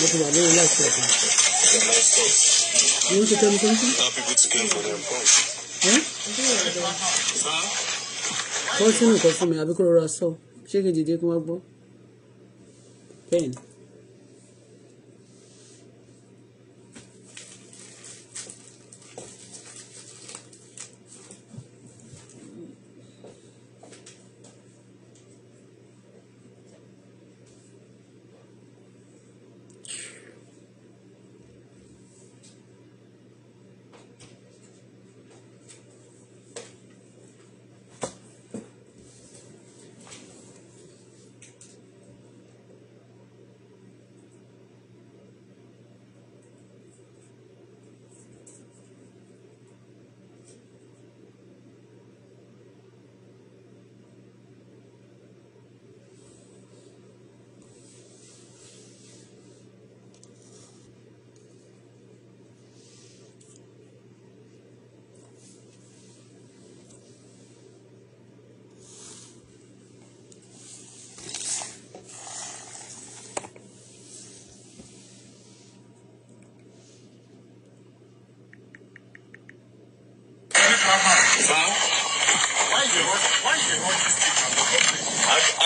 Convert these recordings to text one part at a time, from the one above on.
mo ti wà lórí láti ọ̀gá. you want to tell me something. allow people to gain for their pulse. kọ́ sínú nǹkan fún mi àbí kó rọra sọ ṣé kí n dìde kí wọ́n gbọ́. bẹ́ẹ̀ni.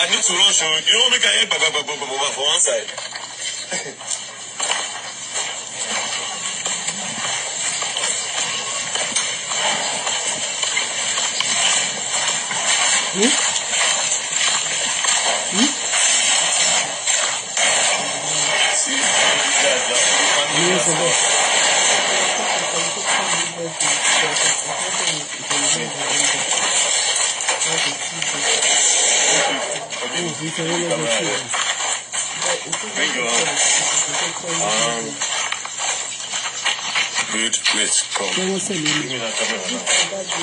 I need to rush. You don't make a head for one side. hmm? Thank you. wọn kì í sanwó lọ́jọ́ sí wọn. Good plate come. Ṣé wọ́n sẹ̀dọ̀ ní? Ṣé wọ́n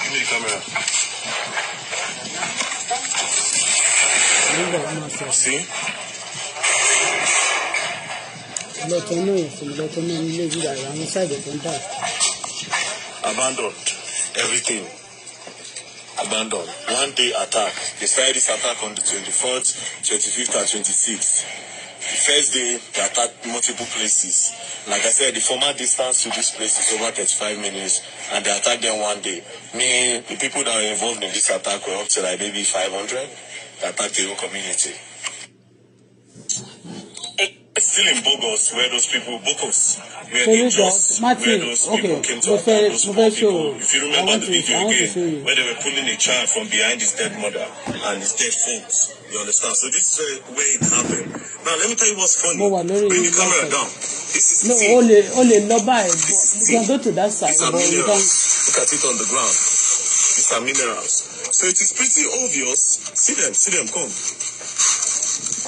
Give me the camera. See? lọ́tọ̀ náà fún lọ́tọ̀ náà nílé ìgbà àwọn sáàbẹ̀ tó ń dà abandoned everything. Abandoned. One day attack. They started this attack on the 24th, 25th, and 26th. The first day, they attacked multiple places. Like I said, the former distance to this place is over 35 minutes, and they attacked them one day. Me, the people that were involved in this attack were up to like maybe 500. They attacked the whole community still in Bogos where those people Bogos where so they just Martin, where those okay. people came to those poor people. If you remember the video again where they were pulling a child from behind his dead mother and his dead folks. You understand? So this is uh, where it happened. Now let me tell you what's funny. No, Bring the camera down. This is no, it. only only lobby. You can go to that side. These are minerals. Look at it on the ground. These are minerals. So it is pretty obvious. See them. See them. Come.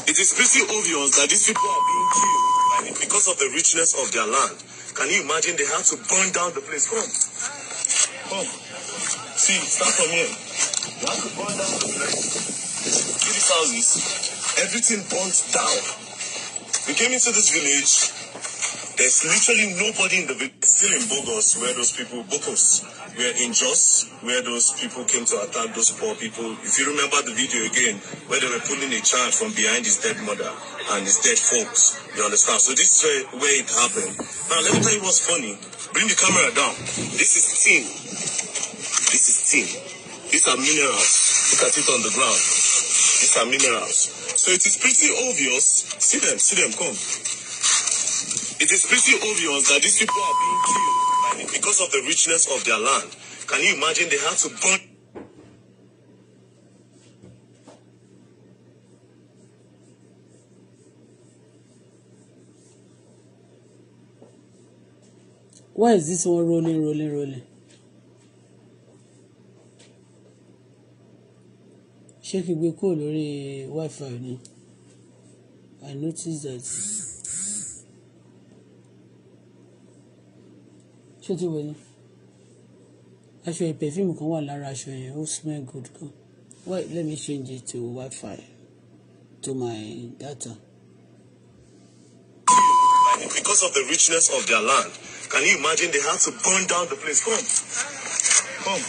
It is pretty obvious that these people are being killed because of the richness of their land. Can you imagine they had to burn down the place? Come. Come. See, start from here. to burn down the place. See these houses. Everything burnt down. We came into this village. There's literally nobody in the village still in Bogos, where those people, Bokos, where in Jos, where those people came to attack those poor people. If you remember the video again, where they were pulling a child from behind his dead mother and his dead folks, you understand? So this is where it happened. Now, let me tell you what's funny. Bring the camera down. This is tin. This is tin. These are minerals. Look at it on the ground. These are minerals. So it is pretty obvious. See them, see them, come. It is pretty obvious that these people are being killed the, because of the richness of their land. Can you imagine they had to burn? Why is this one rolling, rolling, rolling? Ṣé kí gbé kúrò lórí Wi-Fi ni? I noticed that. ṣé ti wẹ̀ ni aṣọ yẹn perfume kan wà lára aṣọ yẹn ó smell good gan wait let me change it to wifi to my data. Because of the richness of their land, can you imagine they had to burn down the place? Come, come,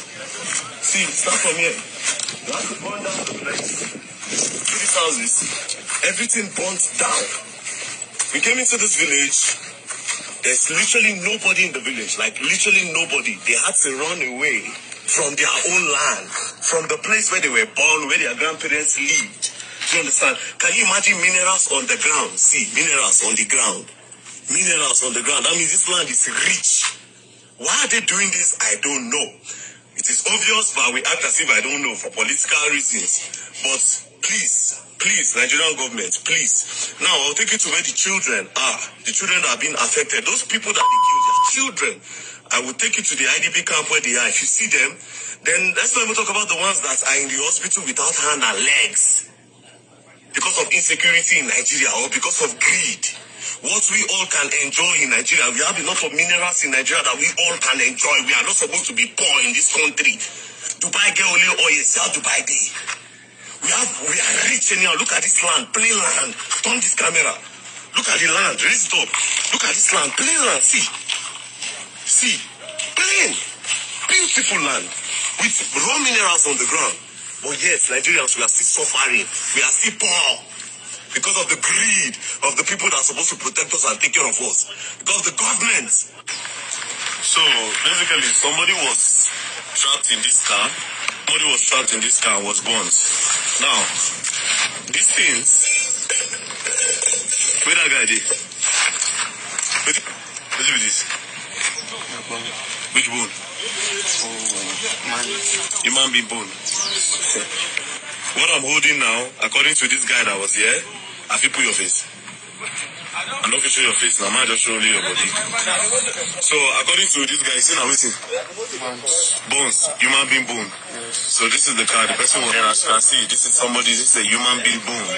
see, start from here. They had to burn down the place. These houses, everything burnt down. We came into this village There's literally nobody in the village, like literally nobody. They had to run away from their own land, from the place where they were born, where their grandparents lived. Do you understand? Can you imagine minerals on the ground? See, minerals on the ground. Minerals on the ground. That means this land is rich. Why are they doing this? I don't know. It is obvious, but we act as if I don't know for political reasons. But please, please, Nigerian government, please. Now I'll take you to where the children are. The children that are being affected. Those people that they killed, their children. I will take you to the IDP camp where they are. If you see them, then let's not even talk about the ones that are in the hospital without hand and legs because of insecurity in Nigeria or because of greed. What we all can enjoy in Nigeria, we have enough of minerals in Nigeria that we all can enjoy. We are not supposed to be poor in this country. Dubai get only oil, sell Dubai Day. We have we are rich anyhow. Look at this land, plain land. Turn this camera. Look at the land. Raise it Look at this land, plain land. See, see, plain, beautiful land with raw minerals on the ground. But yes, Nigerians, we are still suffering. We are still poor because of the greed of the people that are supposed to protect us and take care of us. Because the government So basically, somebody was trapped in this car. Somebody was trapped in this car was burnt. Now, these things. Where that guy did? What be this? Which bone? Oh, man. Human being bone. What I'm holding now, according to this guy that was here, I feel put your face. I no fit show your face na man just show only your body so according to this guy say na wetin bones human being bone so this is the card. the person was as you can see this is somebody this is a human being bone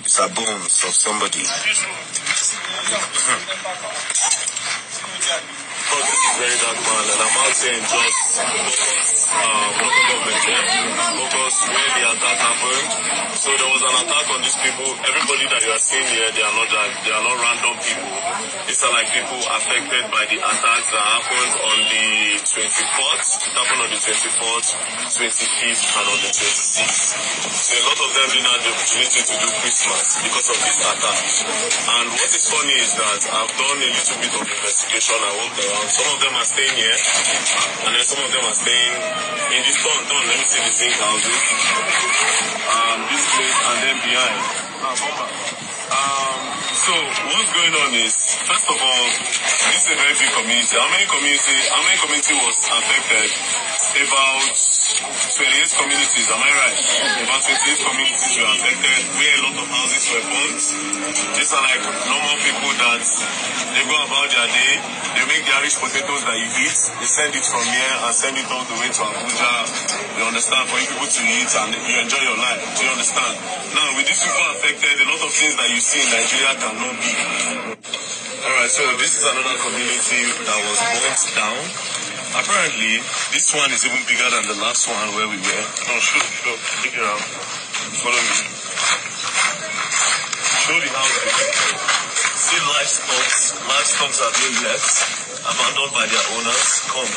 it's a bones of somebody. thought it's is very dark man, and I'm out here in just focus, uh, local government here, focus where the attack happened. So there was an attack on these people. Everybody that you are seeing here, they are not they are not random people. These are like people affected by the attacks that happened on the 24th, it happened on the 24th, 25th, and on the 26th. So a lot of them didn't have the opportunity to do Christmas because of this attack. And what is funny is that I've done a little bit of investigation. I worked around around. Some of them are staying here, and then some of them are staying in this town. town let me see the zinc houses. Um, this place and then behind. Ah, um, so what's going on is, first of all, this is a very big community. How many community? How many community was affected? About 28 communities, am I right? About 28 communities were affected where a lot of houses were burnt. These are like normal people that they go about their day, they make their rich potatoes that you eat, they send it from here and send it all the way to Abuja. You understand? For you people to eat and you enjoy your life. Do you understand? Now, with these people affected, a lot of things that you see in Nigeria cannot be. Alright, so this is another community that was burnt down. Apparently, this one is even bigger than the last one where we were. No, oh, show, show, take it out. Follow me. Show the house. See livestock. Livestock are being left, abandoned by their owners. Come.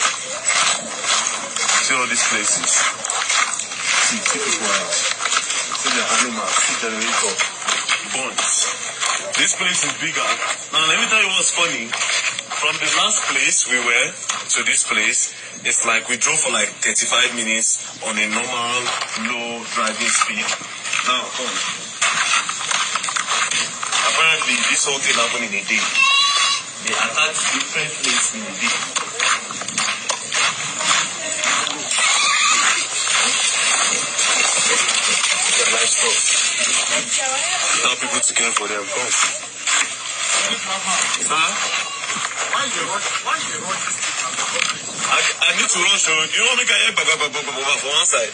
See all these places. See, see people out in the animal, bonds. This place is bigger. Now let me tell you what's funny. From the last place we were to this place, it's like we drove for like 35 minutes on a normal, low driving speed. Now, come. Apparently, this whole thing happened in a day. They attacked different places in a day. That's cool. Tell people to care for their vote. Huh? I, I need to run, so you know, make a for one side.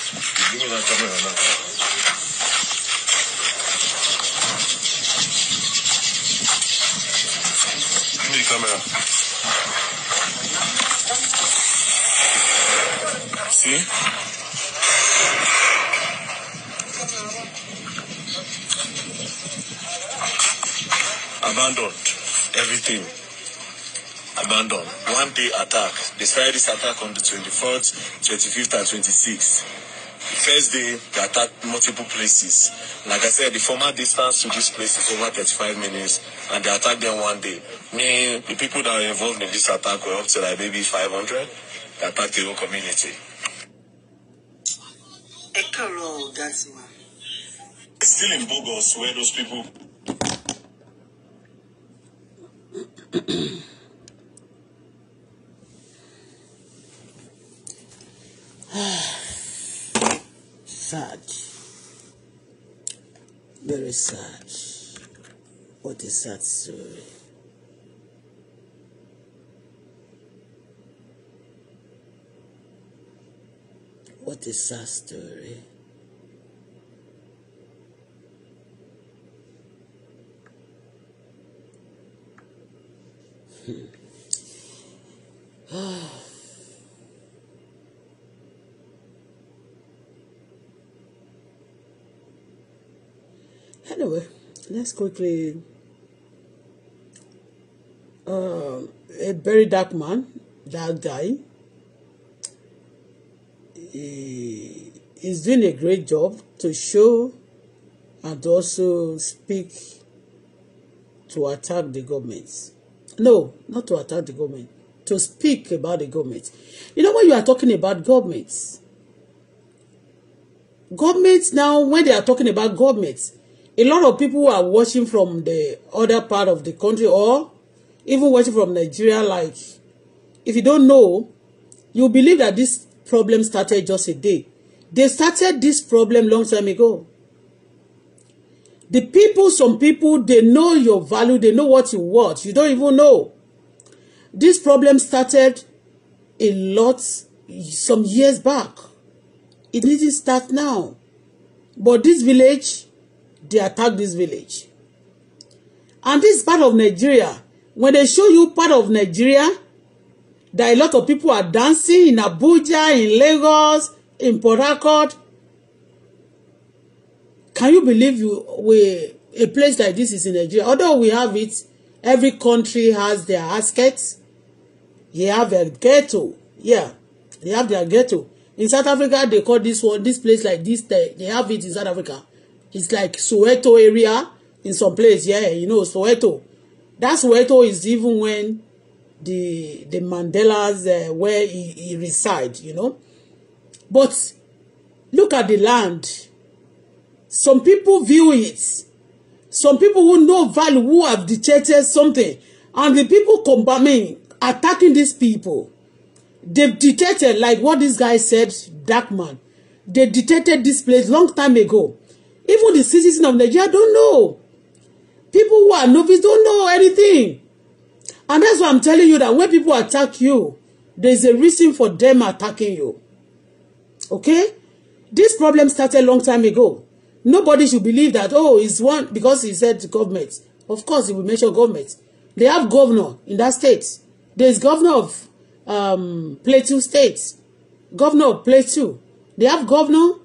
attack, the terrorist attack on the 24th, 25th, and 26th. The first day, they attacked multiple places. Like I said, the former distance to this place is over 35 minutes, and they attacked them one day. Me, the people that were involved in this attack were up to like maybe 500. They attacked the whole community. Still in Bogos, where those people. sad. Very sad. What a sad story. What a sad story. Hmm. Ah. anyway, let's quickly. Uh, um, a very dark man, dark guy. He is doing a great job to show and also speak to attack the government. No, not to attack the government, to speak about the government. You know, when you are talking about governments, governments now, when they are talking about governments, a lot of people are watching from the other part of the country or even watching from Nigeria like if you don't know you believe that this problem started just a day they started this problem long time ago the people some people they know your value they know what you want you don't even know this problem started a lot some years back it didn't start now but this village they attack this village. And this part of Nigeria, when they show you part of Nigeria, that a lot of people are dancing in Abuja, in Lagos, in Port Harcourt. Can you believe you, we, a place like this is in Nigeria? Although we have it, every country has their askets. They have their ghetto. Yeah, they have their ghetto. In South Africa, they call this one, this place like this, they, they have it in South Africa. It's like Soweto area in some place, yeah, you know, Soweto. That Soweto is even when the the Mandelas uh, where he, he reside, you know. But look at the land. Some people view it. Some people who know value, who have detected something, and the people combating, attacking these people. They detected, like what this guy said, dark man. They detected this place long time ago. Even the citizens of Nigeria don't know. People who are novice don't know anything. And that's why I'm telling you that when people attack you, there's a reason for them attacking you. Okay? This problem started long time ago. Nobody should believe that, oh, it's one, because he said government. Of course, he will mention government. They have governor in that state. There's governor of um, Plateau State. Governor of Plateau. They have governor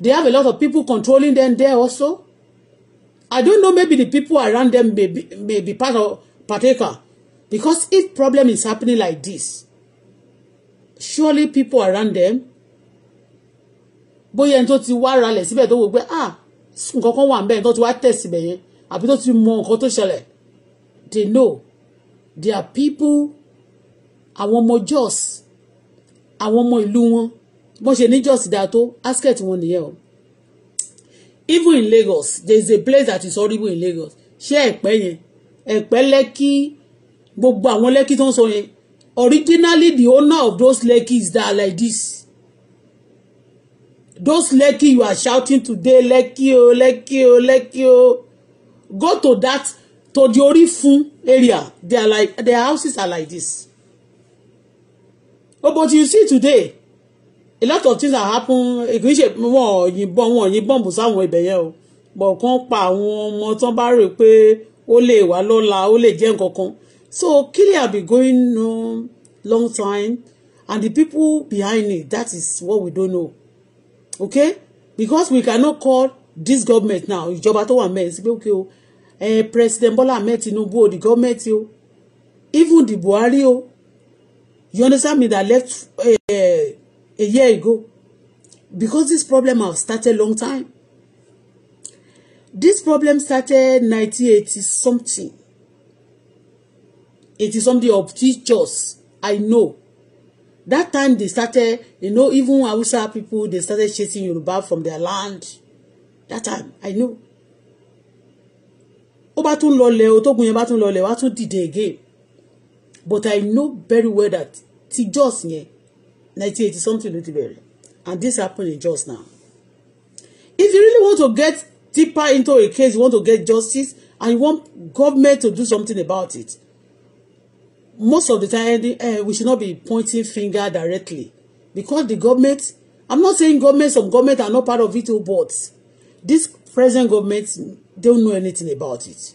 They have a lot of people controlling them there also. I don't know, maybe the people around them may be, may be part of partaker. Because if problem is happening like this, surely people around them, bóyá ẹni tó ti wá ralẹ̀ síbẹ̀ tó wò ah nǹkan kan wà ń bẹ́ẹ̀ tó ti wá tẹ̀ síbẹ̀ yẹn àbí tó ti mọ nǹkan tó they know their people I want more Jos I want more wọn bọ́n ṣe níjọ́sí dáa tó asket wọn nìyẹn o even in Lagos there is a place that is horrible in Lagos ṣé ẹ̀pẹ́ yẹn ẹ̀pẹ́ lẹ́kí gbogbo àwọn lẹ́kí tó ń sọ yẹn originally the owner of those lekis that are like this those lekki you are shouting today lekki o lekki o lekki o go to that to the Orifun area they are like their houses are like this oh but you see today a lot of things are happen kì í ṣe wọn yìnbọn wọn yìnbọn bù sáwọn ibẹ̀ yẹn o bọ̀ kàn pa àwọn ọmọ tán bá rè pé ó lè wà lọ́la ó lè jẹ́ nǹkan kan so killing have been going on long time and the people behind it that is what we don't know okay because we cannot call this government now ìjọba tó wà mẹ́rin sí pé okay o eh, president Bola Ahmed Tinubu o the government o even the Buhari o you understand me that left. Eh, a year ago because this problem have started long time. This problem started 1980 something. 80 something of teachers I know. That time they started, you know, even Hausa people, they started chasing Yoruba from their land. That time, I know. Ó bá tún lọlẹ̀ o, tógun yẹn bá tún lọlẹ̀, wá tún dìde again. But I know very well that ti Jos yẹn nineteen eighty something little bit, and this happened just now if you really want to get deeper into a case you want to get justice and you want government to do something about it most of the time uh, we should not be pointing finger directly because the government I'm not saying government some government are not part of it oh, but this present government don't know anything about it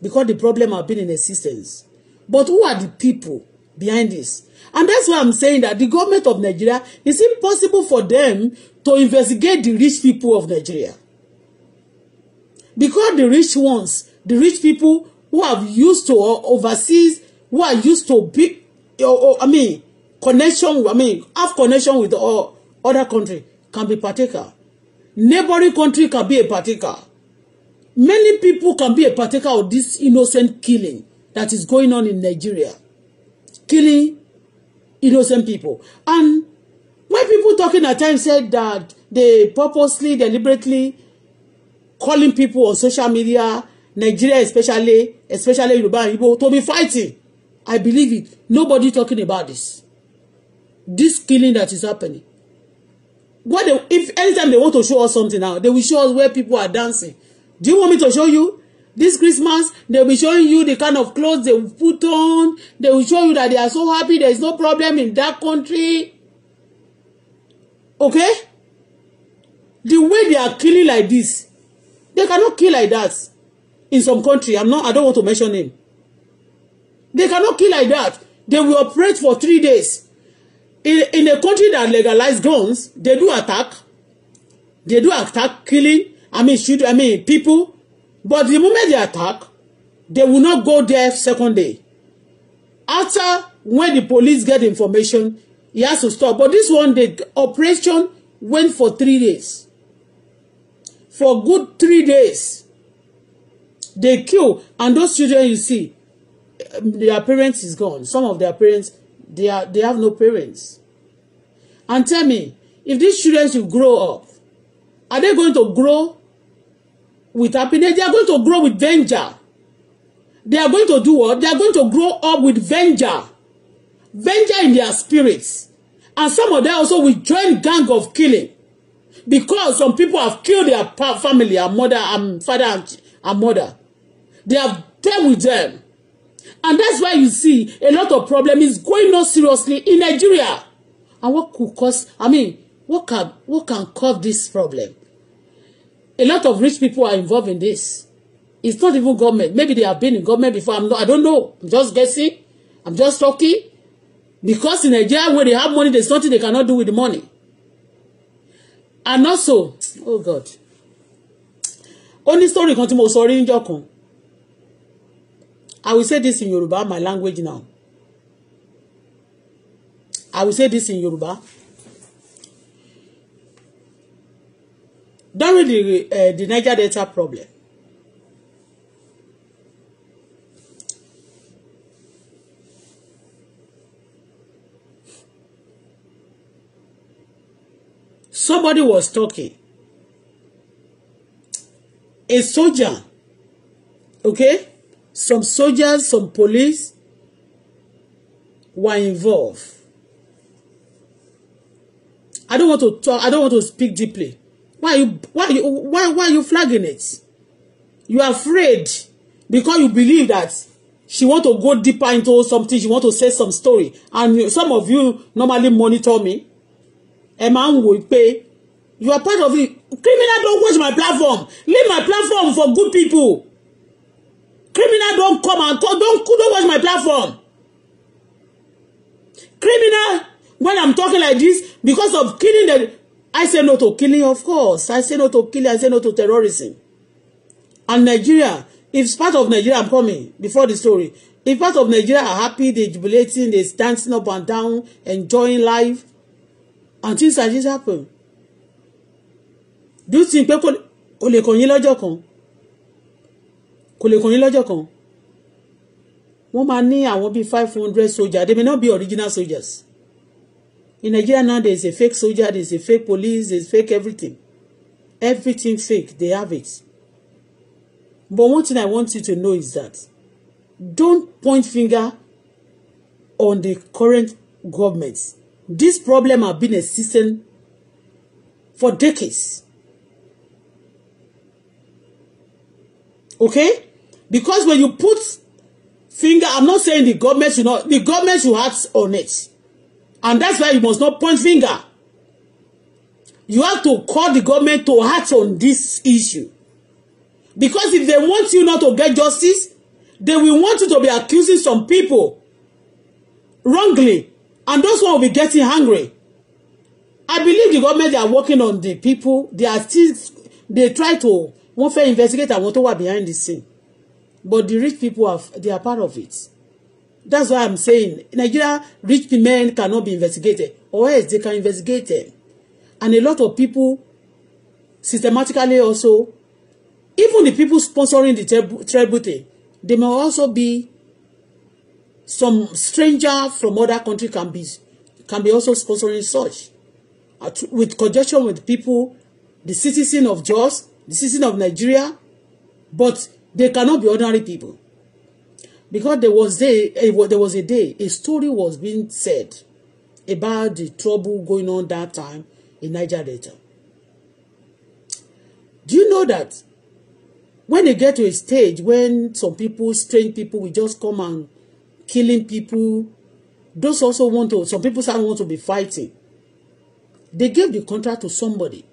because the problem have been in existence but who are the people behind this And that's why I'm saying that the government of Nigeria, it's impossible for them to investigate the rich people of Nigeria. Because the rich ones, the rich people who have used to overseas, who are used to big, or, or, I mean, connection, I mean, have connection with all uh, other country can be particular. Neighboring country can be a particular. Many people can be a particular of this innocent killing that is going on in Nigeria. Killing innocent people. And when people talking at times said that they purposely, deliberately calling people on social media, Nigeria especially, especially Yoruba people, to be fighting, I believe it. Nobody talking about this. This killing that is happening. What they, if anytime they want to show us something now, they will show us where people are dancing. Do you want me to show you? this Christmas they will be showing you the kind of clothes they put on they will show you that they are so happy there is no problem in that country okay the way they are killing like this they cannot kill like that in some country i'm not i don't want to mention name they cannot kill like that they will operate for three days in in a country that legalize guns they do attack they do attack killing i mean shoot i mean people But the moment they attack, they will not go there second day. After when the police get information, he has to stop. But this one, the operation went for three days. For good three days, they kill. And those children you see, um, their parents is gone. Some of their parents, they, are, they have no parents. And tell me, if these children should grow up, are they going to grow with happiness. They are going to grow with venture. They are going to do what? They are going to grow up with venture. Venture in their spirits. And some of them also will join gang of killing. Because some people have killed their family, and mother, and father, and, and mother. They have dealt with them. And that's why you see a lot of problem is going on seriously in Nigeria. And what could cause, I mean, what can, what can cause this problem? a lot of rich people are involved in this it's not even government maybe they have been in government before i'm not i don't know i'm just guessing i'm just talking because in Nigeria where they have money there's nothing they cannot do with the money and also oh god Only story continue. Sorry, mo sọ i will say this in Yoruba my language now i will say this in Yoruba during the, uh, the Niger Delta problem. Somebody was talking. A soldier, okay? Some soldiers, some police were involved. I don't want to talk, I don't want to speak deeply why you why you why why you flagging it you are afraid because you believe that she want to go deeper into something she want to say some story and some of you normally monitor me ẹ máa ń wò you are part of the criminal don watch my platform leave my platform for good people criminal don come and call don don watch my platform criminal when i'm talking like this because of killing the I say no to killing, of course. I say no to killing. I say no to terrorism. And Nigeria, if part of Nigeria, I'm coming before the story. If part of Nigeria are happy, they're jubilating, they're dancing up and down, enjoying life, and things like this happen. Do you think people? kò lè kàn yín lọ́jọ́ kan? Kò lè kàn yín lọ́jọ́ kan? Wọ́n máa ní àwọn five hundred soldiers. They may not be original soldiers. In Nigeria now, there's a fake soldier, there's a fake police, there's fake everything. Everything fake, they have it. But one thing I want you to know is that don't point finger on the current government. This problem have been existing for decades. Okay? Because when you put finger, I'm not saying the government should not, the government should act on it. And that's why you must not point finger. You have to call the government to act on this issue. Because if they want you not to get justice, they will want you to be accusing some people wrongly. And those one will be getting angry. I believe the government they are working on the people. They are still, they try to, wọ́n fẹ́ investigate àwọn tó wà behind the scene. But the rich people, have, they are part of it. That's why I'm saying Nigeria rich men cannot be investigated, or else they can investigate them. And a lot of people systematically also, even the people sponsoring the tribute thing, they may also be some stranger from other country can be can be also sponsoring such, with conjunction with people, the citizen of Jos, the citizen of Nigeria, but they cannot be ordinary people because there was a there was a day a story was being said about the trouble going on that time in Niger Delta. Do you know that when they get to a stage when some people, strange people, will just come and killing people, those also want to, some people start want to be fighting. They gave the contract to somebody.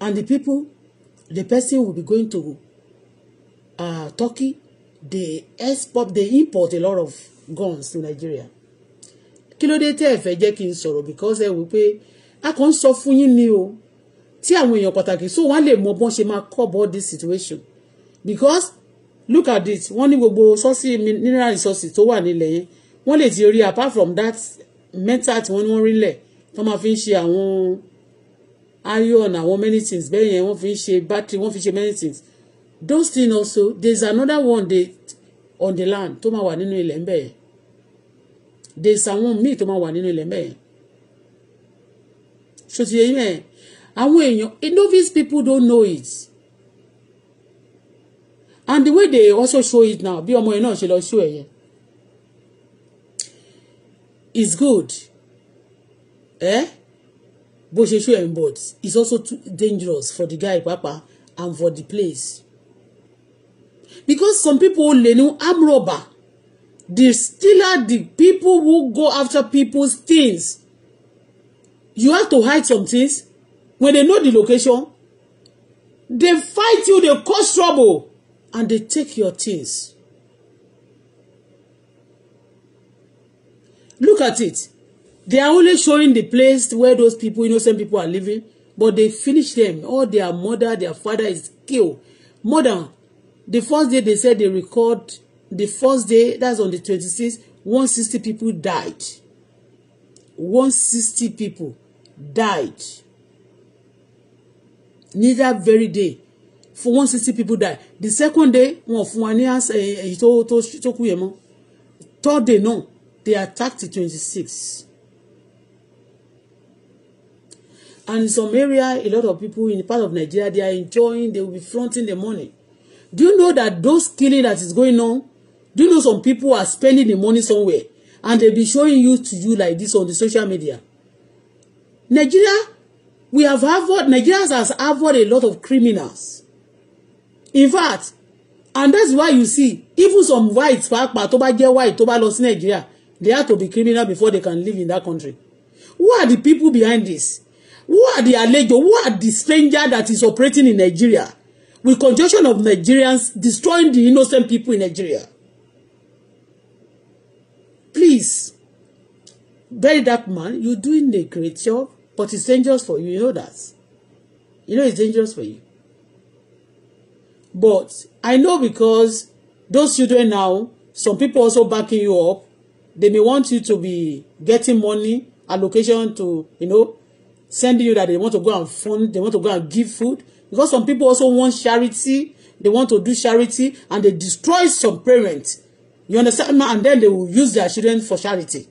And the people, the person will be going to uh, Turkey they export they import a lot of guns to Nigeria kí ló dé tẹ́ ẹ fẹ́ jẹ́ kí n sọ̀rọ̀ because ẹ wò pé a kàn ń sọ fún yín ni o tí àwọn èèyàn pàtàkì so wọ́n lè mọ bọ́n ṣe máa cope all this situation because look at it wọ́n ní gbogbo sọ́ọ̀sì mineral resources tó wà nílẹ̀ yẹn wọ́n lè ti rí apart from that metal tí wọ́n ní wọ́n rí lẹ̀ tó máa fi ń ṣe àwọn iron àwọn many things bẹ́ẹ̀ yẹn wọ́n fi ń ṣe battery wọ́n fi ṣe many things those things also there is another one they on the land tó máa wà nínú ilẹ̀ ńbẹ̀ yẹn there is àwọn míì tó máa wà nínú ilẹ̀ ńbẹ̀ yẹn ṣòtì yẹn yẹn àwọn èèyàn eh, novice people don't know it and the way they also show it now bí ọmọ yẹn náà ṣe lọ show ẹ yẹn is good eh? bó ṣe show ẹ but it's also too dangerous for the guy papa and for the place because some people lè ní arm robber the stealer the people who go after people's things you have to hide some things when they know the location they fight you they cause trouble and they take your things look at it they are only showing the place where those people innocent people are living but they finish them all oh, their mother their father is killed more than the first day they said they record the first day that's on the twenty-six. One sixty people died One sixty people died Near that very day for one sixty people die the second day wọn fún wa ní eh, eh, èyí tó tó tó kú yẹn mọ́ third day náà they attacked the twenty-six. and in some area a lot of people in part of Nigeria they are enjoying they will be flaunting the money do you know that those killing that is going on do you know some people are spending the money somewhere and they be showing you to you like this on the social media Nigeria we have harbored Nigerians has harbored a lot of criminals in fact and that's why you see even some whites pàápàá tó bá jẹ́ white tó bá lọ sí Nigeria they have to be criminal before they can live in that country who are the people behind this who are the àlejò who are the stranger that is operating in Nigeria with conjunction of Nigerians destroying the innocent people in Nigeria. Please, bury that man. You're doing a great job, but it's dangerous for you. You know that. You know it's dangerous for you. But I know because those children now, some people also backing you up. They may want you to be getting money, allocation to, you know, sending you that they want to go and fund, they want to go and give food because some people also want charity they want to do charity and they destroy some parents you understand and then they will use their children for charity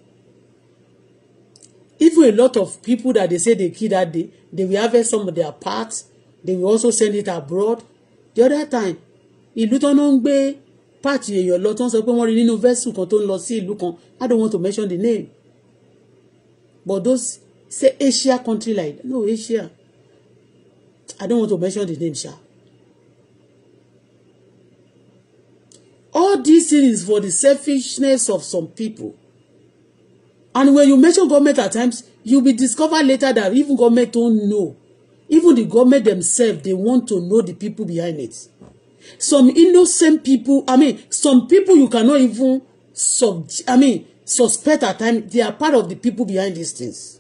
even a lot of people that they say they kill that day they will harvest some of their parts they will also send it abroad the other time ìlú tó náà ń gbé páàtì èèyàn lọ tó ń sọ pé wọ́n rí nínú vẹ́sù kan tó ń lọ sí ìlú kan I don't want to mention the name but those say Asia country like no Asia I don't want to mention the name, sha. All these things is for the selfishness of some people. And when you mention government at times, you'll be discovered later that even government don't know. Even the government themselves, they want to know the people behind it. Some innocent people, I mean, some people you cannot even sub, I mean, suspect at times, they are part of the people behind these things.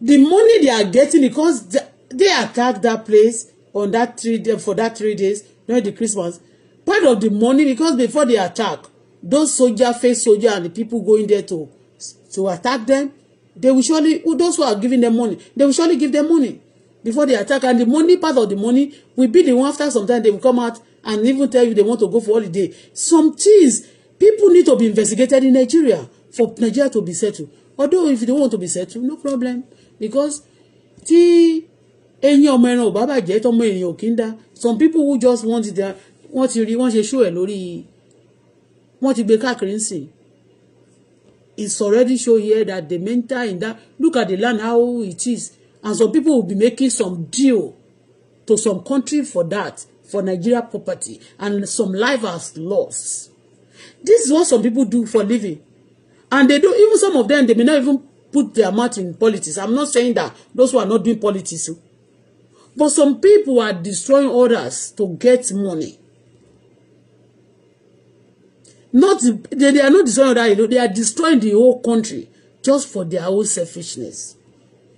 the money they are getting because they, attack that place on that three day for that three days during the Christmas part of the money because before they attack those soldier face soldier and the people going there to to attack them they will surely those who are giving them money they will surely give them money before they attack and the money part of the money will be the one after sometime they will come out and even tell you they want to go for holiday some things people need to be investigated in Nigeria for Nigeria to be settled although if you don't want to be settled no problem because tí eyín ọmọ ẹran ò bá bàjẹ́ tọmọ èèyàn ò kí ń da some people who just want their wọ́n ti rí wọ́n ṣe show ẹ̀ lórí wọ́n ti gbé káàkiri ń sìn it's already show here that the mental in that look at the land how it is and some people will be making some deal to some country for that for Nigeria property and some life has lost this is what some people do for living And they don't, even some of them, they may not even put their mouth in politics. I'm not saying that those who are not doing politics. Oh. But some people are destroying others to get money. Not they, they are not destroying others, they are destroying the whole country just for their own selfishness.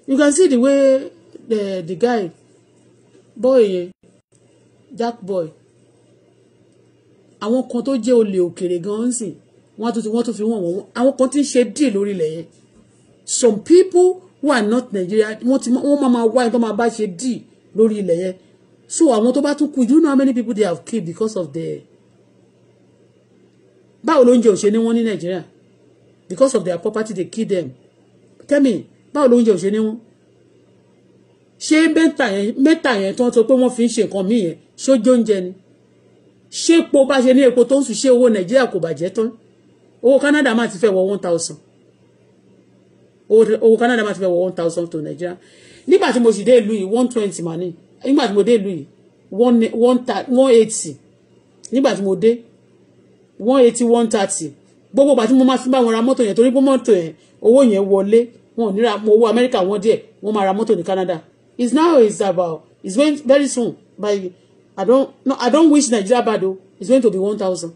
You can see the way the the guy, boy, dark boy, àwọn kan tó jẹ́ olè òkèrè gan-an sìn wọ́n tún ti wọ́n tún fi wọ́n wọ́n àwọn kan ti ń ṣe díè lórí ilẹ̀ yẹn some people who are not Nigeria wọ́n ti wọ́n máa máa wá ẹni tó máa bá ṣe díè lórí ilẹ̀ yẹn so àwọn tó bá tún kú you know how many people they have killed because of their báwo lóúnjẹ ò ṣe ní wọn ní Nigeria because of their property they kill them tell me báwo lóúnjẹ ò ṣe ní wọn ṣé mẹ́ta yẹn mẹ́ta yẹn tó ń sọ pé wọ́n fi ń ṣe nǹkan míì yẹn ṣójú oúnjẹ ni ṣé epo bá ṣe ní epo tó ń sùn ṣé owó Nàìjíríà kò bàjẹ́ tán owó Canada máa ti fẹ́ wọ one thousand owó Canada máa ti fẹ́ wọ one thousand to Nigeria nígbà tí mo sì dé ìlú yìí one twenty mà ní nígbà tí mo dé ìlú yìí one one eighty nígbà tí mo dé one eighty one thirty gbogbo ìgbà tí mo máa fi bá wọn ra mọ́tò yẹn torí pé mọ́tò yẹn owó yẹn wọlé wọn ò ní ra owó Amẹ́ríkà wọn díẹ̀ wọ́n máa ra mọ́tò ní Canada it's now it's about it's going very soon by I don't no I don't wish Nigeria bad o it's going to be one thousand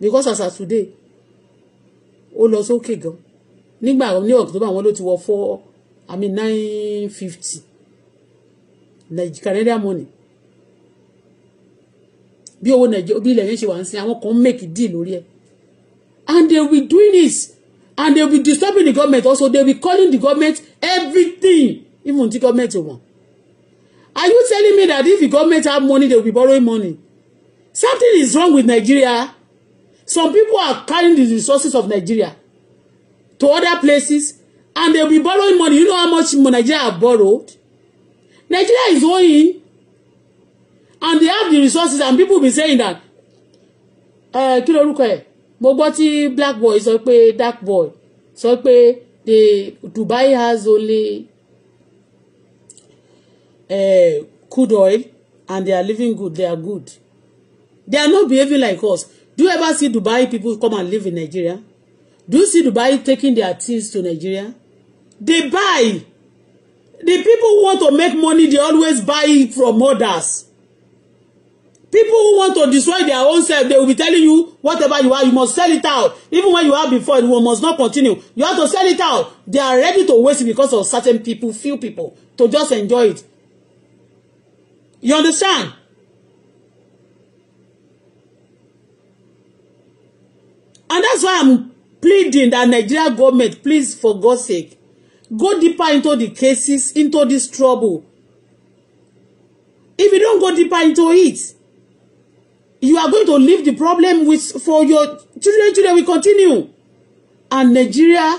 because as of today ó lọ sókè gan nígbà ní october wọn ló ti wọ four i mean nine fifty canadian money bí owó nàìjíríà bí ilẹ̀ yẹn ṣe wà ń sin àwọn kan make deal lórí ẹ̀ and they will doing this and they will disturbing the government also they will calling the government everything even the government wọn are you telling me that if the government have money they will be borrowing money something is wrong with Nigeria Some people are carrying the resources of Nigeria to other places and they'll be borrowing money. You know how much Nigeria have borrowed? Nigeria is owing and they have the resources and people be saying that uh, kí lorúkọ ẹ̀ mo gbọ́ tí black boy sọ pé dark boy sọ pé the Dubai has only uh, crude oil and they are living good they are good they are not behaving like us Do you ever see Dubai people come and live in Nigeria? Do you see Dubai taking their things to Nigeria? They buy. The people who want to make money, they always buy it from others. People who want to destroy their own self, they will be telling you, whatever you are, you must sell it out. Even when you are before, you must not continue. You have to sell it out. They are ready to waste it because of certain people, few people, to just enjoy it. You understand? And that's why I'm pleading that Nigeria government, please, for God's sake, go deeper into the cases, into this trouble. If you don't go deeper into it, you are going to leave the problem with for your children. Children will continue. And Nigeria,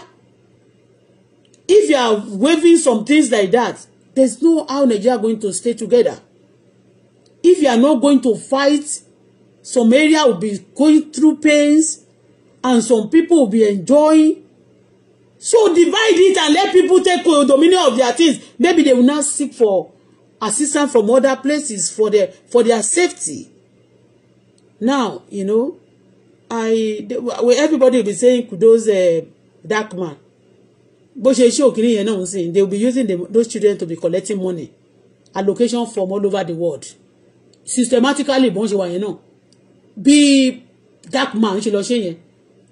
if you are waving some things like that, there's no how Nigeria going to stay together. If you are not going to fight, some area will be going through pains and some people will be enjoying so divide it and let people take dominion of their things maybe they will not seek for assistance from other places for their for their safety now you know I they, everybody will be saying kudos uh, dark man But ṣe ṣé òkìrí yẹn they will be using the, those children to be collecting money allocation from all over the world systematically bọ́n you know, be dark man ṣe lọ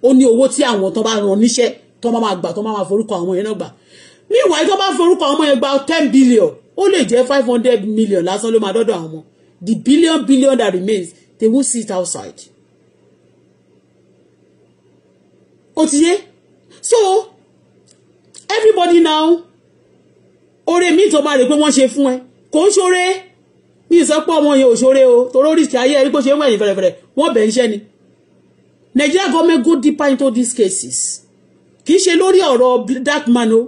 ó ní owó tí àwọn tó bá ràn níṣẹ́ tó máa máa gbà tó máa forúkọ àwọn yẹn náà gbà meanwhile tó bá forúkọ àwọn yẹn gba ten billion ó lè jẹ́ five hundred million lásán ló máa dọ́dọ̀ àwọn the billion billion that remains they will sit outside. ó ti yé so everybody now oore mi tó máa rè pé wọ́n ṣe fún ẹ kò ń ṣoore mi sọ pé ọmọ yẹn ò ṣoore o torí oríṣi ayé ẹ rí pé ó ṣe ń wẹ̀yìn fẹ̀rẹ̀fẹ̀rẹ̀ wọ́n bẹ̀ ń ṣẹ́ ni Nigeria government go deeper into these cases kì í ṣe lórí ọ̀rọ̀ that man o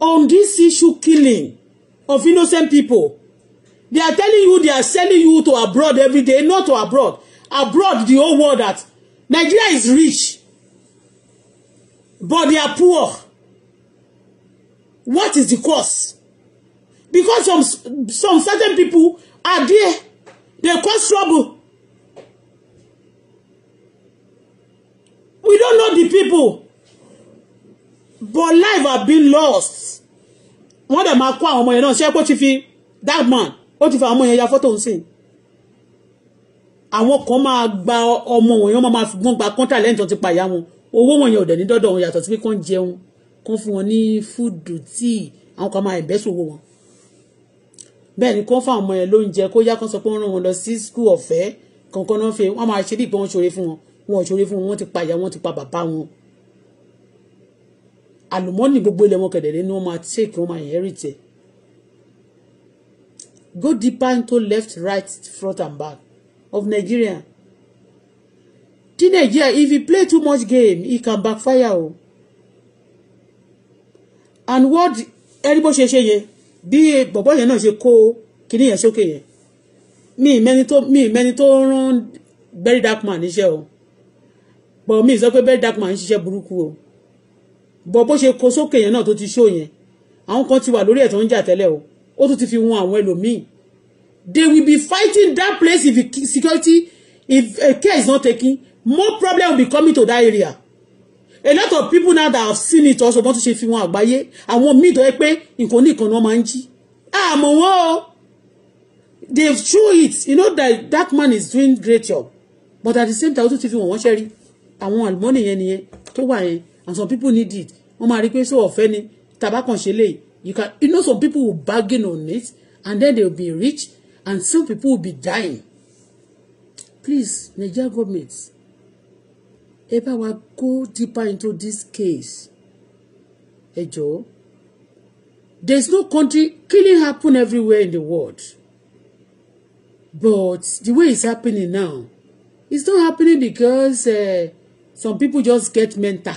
on this issue killing of innocent people they are telling you they are selling you to abroad every day not to abroad abroad the whole world that Nigeria is rich but they are poor what is the cause because some some certain people are there they cause trouble people but life have been lost wọ́n dẹ̀ máa kó àwọn ọmọ yẹn náà ṣé pé ó ti fi that man ó ti fi àwọn ọmọ yẹn ya fọ́tò ń sìn àwọn kan máa gba ọmọ wọn yẹn wọ́n máa fún gba kọ́ńtà lẹ́yìn tó ti pa ìyá wọn owó wọn yẹn ò dẹ̀ ní dọ́dọ̀ wọn yàtọ̀ sí pé kán jẹun kán fún wọn ní fúdù tíì àwọn kan máa ẹ̀bẹ́sùn owó wọn bẹ́ẹ̀ ni kán fún àwọn ọmọ yẹn lóúnjẹ kó yá kán sọ pé wọ́n rán wọn lọ sí skul ọ̀fẹ́ kankan náà fi wọ́n máa ṣe bí ìpọ́n ṣoore fún wọn wọn ò ṣoore fún wọn wọ́n ti pa ìyá wọn ti pa bàbá wọn àlùmọ́ọ́nì gbogbo ilẹ̀ wọn kẹ̀dẹ̀dẹ̀ ni wọ́n máa take wọ́n máa inherit ẹ̀ go deeper into left right front and back of Nigeria tí Nigeria if you play too much game e can backfire o and what ẹni bó ṣe ṣe yẹ bí bọ̀bọ̀ yẹn náà ṣe kó kinní yẹn sókè yẹn mi mẹni tó mi mẹni tó rán very dark man níṣẹ́ o but mi sọ pé very dark man ń ṣiṣẹ́ burúkú o but bó ṣe kó sókè yẹn náà tó ti ṣó yẹn àwọn kan ti wà lórí ẹ̀ tó ń jà tẹ́lẹ̀ o ó tún ti fi wọn àwọn ẹlòmíì they will be fighting that place if security if uh, care is not taken more problem will be coming to that area a lot of people now that have seen it also bọ́n tún ṣe fi wọn àgbáyé àwọn míì tó yẹ pé nǹkan ní ìkànnì wọn máa ń jí àmọ́ wọn o they threw it you know that that man is doing great job but at the same time ó tún ti fi wọn wọ́n ṣe rí àwọn àlùmọ́nì yẹn nìyẹn tó wà yẹn and some people need it wọ́n máa rí pé so ọ̀fẹ́ ni tàbá kan you can you know some people will bargain on it and then they will be rich and some people will be dying please Nigeria government ẹ bá wa go deeper into this case ẹ jọ̀ọ́ there is no country killing happen everywhere in the world but the way it's happening now it's not happening because. Uh, some people just get mental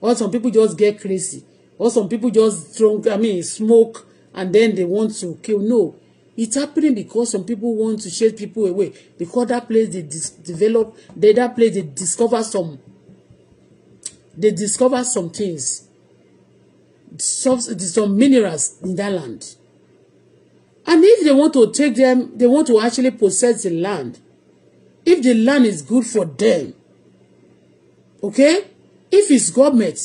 or some people just get crazy or some people just drunk i mean smoke and then they want to kill no it's happening because some people want to chase people away because that place they dis develop they that place they discover some they discover some things some some minerals in that land and if they want to take them they want to actually possess the land if the land is good for them Okay? If it's government,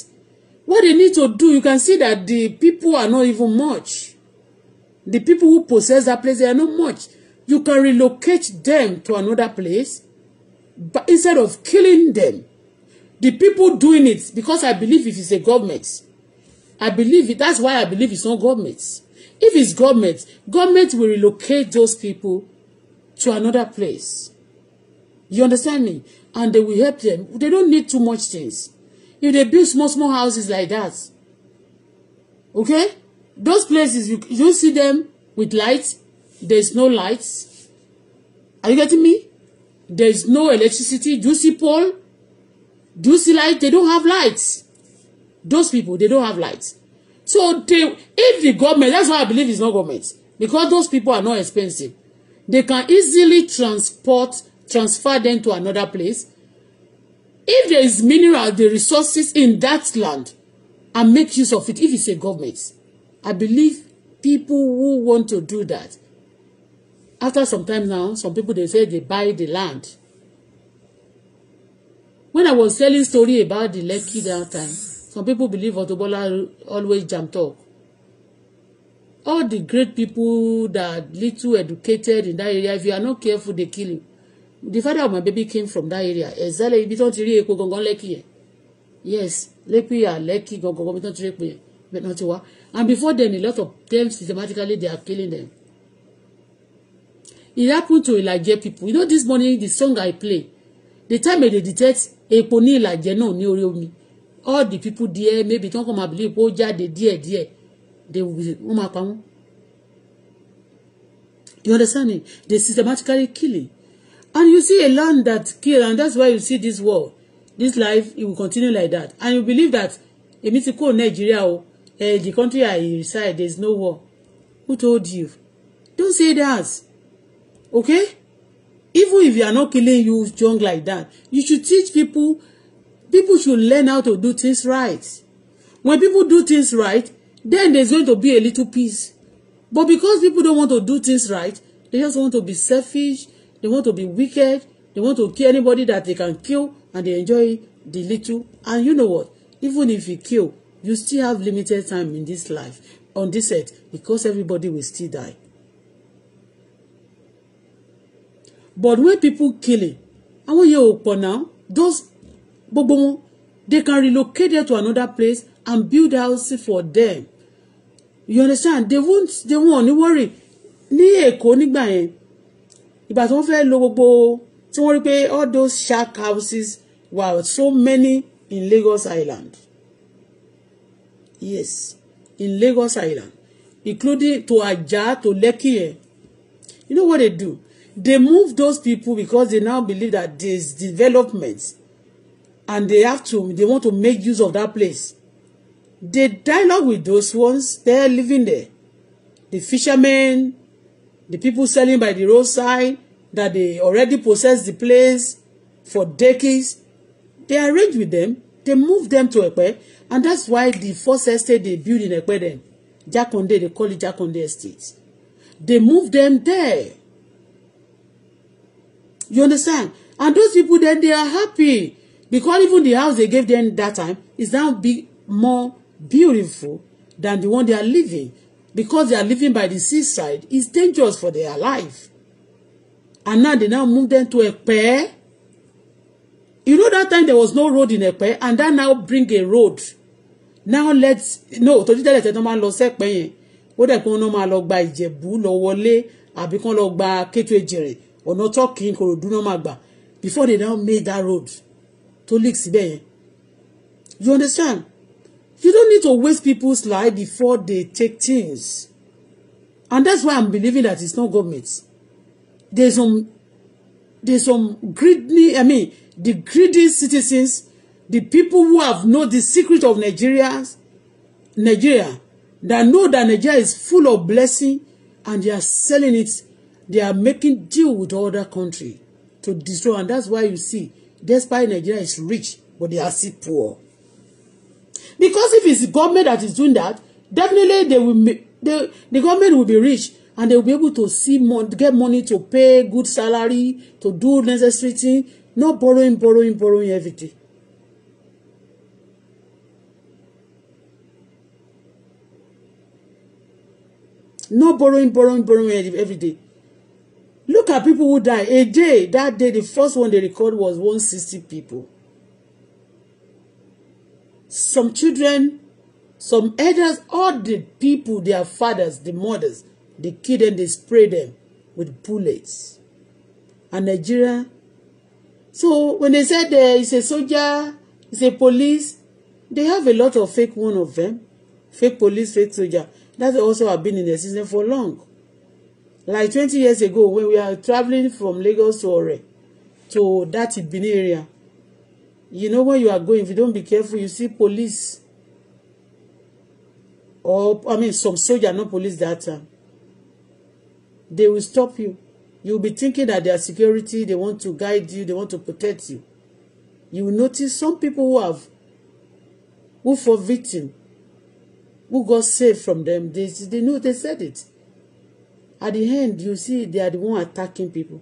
what they need to do, you can see that the people are not even much. The people who possess that place, they are not much. You can relocate them to another place, but instead of killing them, the people doing it, because I believe if it's a government, I believe it, that's why I believe it's not government. If it's government, government will relocate those people to another place. You understand me? and they will help them. They don't need too much things. If they build small, small houses like that, okay? Those places, you, you see them with lights. There's no lights. Are you getting me? There's no electricity. Do you see pole? Do you see light? They don't have lights. Those people, they don't have lights. So they, if the government, that's why I believe it's not government, because those people are not expensive. They can easily transport transfer them to another place if there is mineral the resources in that land and make use of it if it's a government I believe people who want to do that after some time now some people dey say they buy the land when I was telling story about the Lekki that time some people believe Auto Bola always jam talk all the great people that little educated in that area if you are not careful they kill you the father of my baby came from that area exactly ibi tí wọ́n ti rí epo gangan lẹ́kì yẹn yes lẹ́kì yà lẹ́kì gangan ibi tí wọ́n ti rí epo yẹn bẹ́ẹ̀ náà ti wá and before then a lot of them systematically they are killing them it happen to Ìlàjẹ people you know this morning the song I play the time I dey detect epo ní Ìlàjẹ náà ní orí omi all the people there maybe tí wọ́n kàn máa believe pé ó jáde díẹ̀díẹ̀ they wọ́n máa pa wọ́n you understand me they systematically killing And you see a land that kill and that's why you see this war, this life, it will continue like that. And you believe that èmi ti kó Nigeria o, eh, the country I reside, there's no war. Who told you? Don't say that. Okay? Even if you are not killing you junk like that, you should teach people, people should learn how to do things right. When people do things right, then there's going to be a little peace. But because people don't want to do things right, they just want to be selfish, they want to be wicked they want to kill anybody that they can kill and they enjoy the little and you know what even if you kill you still have limited time in this life on this earth because everybody will still die but when people killing àwọn yẹn ò pọ̀ náà those gbogbo wọn they can relocate there to another place and build house for them you understand they won't they won't ní worry ní Èkó nígbà yẹn ìgbà tí wọ́n fẹ́ lo gbogbo tí wọ́n rí pé all those shack houses were so many in Lagos Island yes in Lagos Island including to Ajah to Lekki eh you know what they do they move those people because they now believe that there is development and they have to they want to make use of that place they dialogue with those ones they are living there the fishermen the people selling by the roadside that they already possess the place for decades they arrange with them they move them to Epe and that's why the first estate they build in Epe then Jakonde they call it Jakonde estate they move them there you understand and those people then they are happy because even the house they gave them that time is now be more beautiful than the one they are living because they are living by the seaside it's dangerous for their life and now they now move them to Epe you know that time there was no road in Epe and that now bring a road now let's no tojú tẹ́lẹ̀ tẹ́lẹ̀ tó máa lọ sẹ́pẹ́ yẹn ó dẹ̀ pé no máa lọ gba Ìjẹ̀bú lọ wọlé àbí kán lọ gba Kétu Èjìrè ọ̀nà tọ́kì Ìkòròdú náà máa gbà before they now made that road to leak síbẹ̀ yẹn you understand You don't need to waste people's life before they take things. And that's why I'm believing that it's not government. There's some there's some greedy, I mean, the greedy citizens, the people who have know the secret of Nigeria's Nigeria, that know that Nigeria is full of blessing and they are selling it, they are making deal with other country to destroy. And that's why you see, despite Nigeria is rich, but they are still poor because if it's government that is doing that definitely they will make they, the government will be rich and they will be able to see mon get money to pay good salary to do necessary thing no borrowing borrowing borrowing everything. no borrowing borrowing borrowing every day look at people who die a day that day the first one they record was 160 people some children, some elders, all the people, their fathers, the mothers, they kill them, they spray them with bullets. And Nigeria, so when they said there is a soldier, is a police, they have a lot of fake one of them, fake police, fake soldier. That also have been in the system for long. Like 20 years ago, when we are traveling from Lagos to Ore, to that Ibini area, you know where you are going if you don't be careful you see police or I mean some soldier not police that time they will stop you You will be thinking that they are security they want to guide you they want to protect you you will notice some people who have who for victim who got saved from them they they know they said it at the end you see they are the one attacking people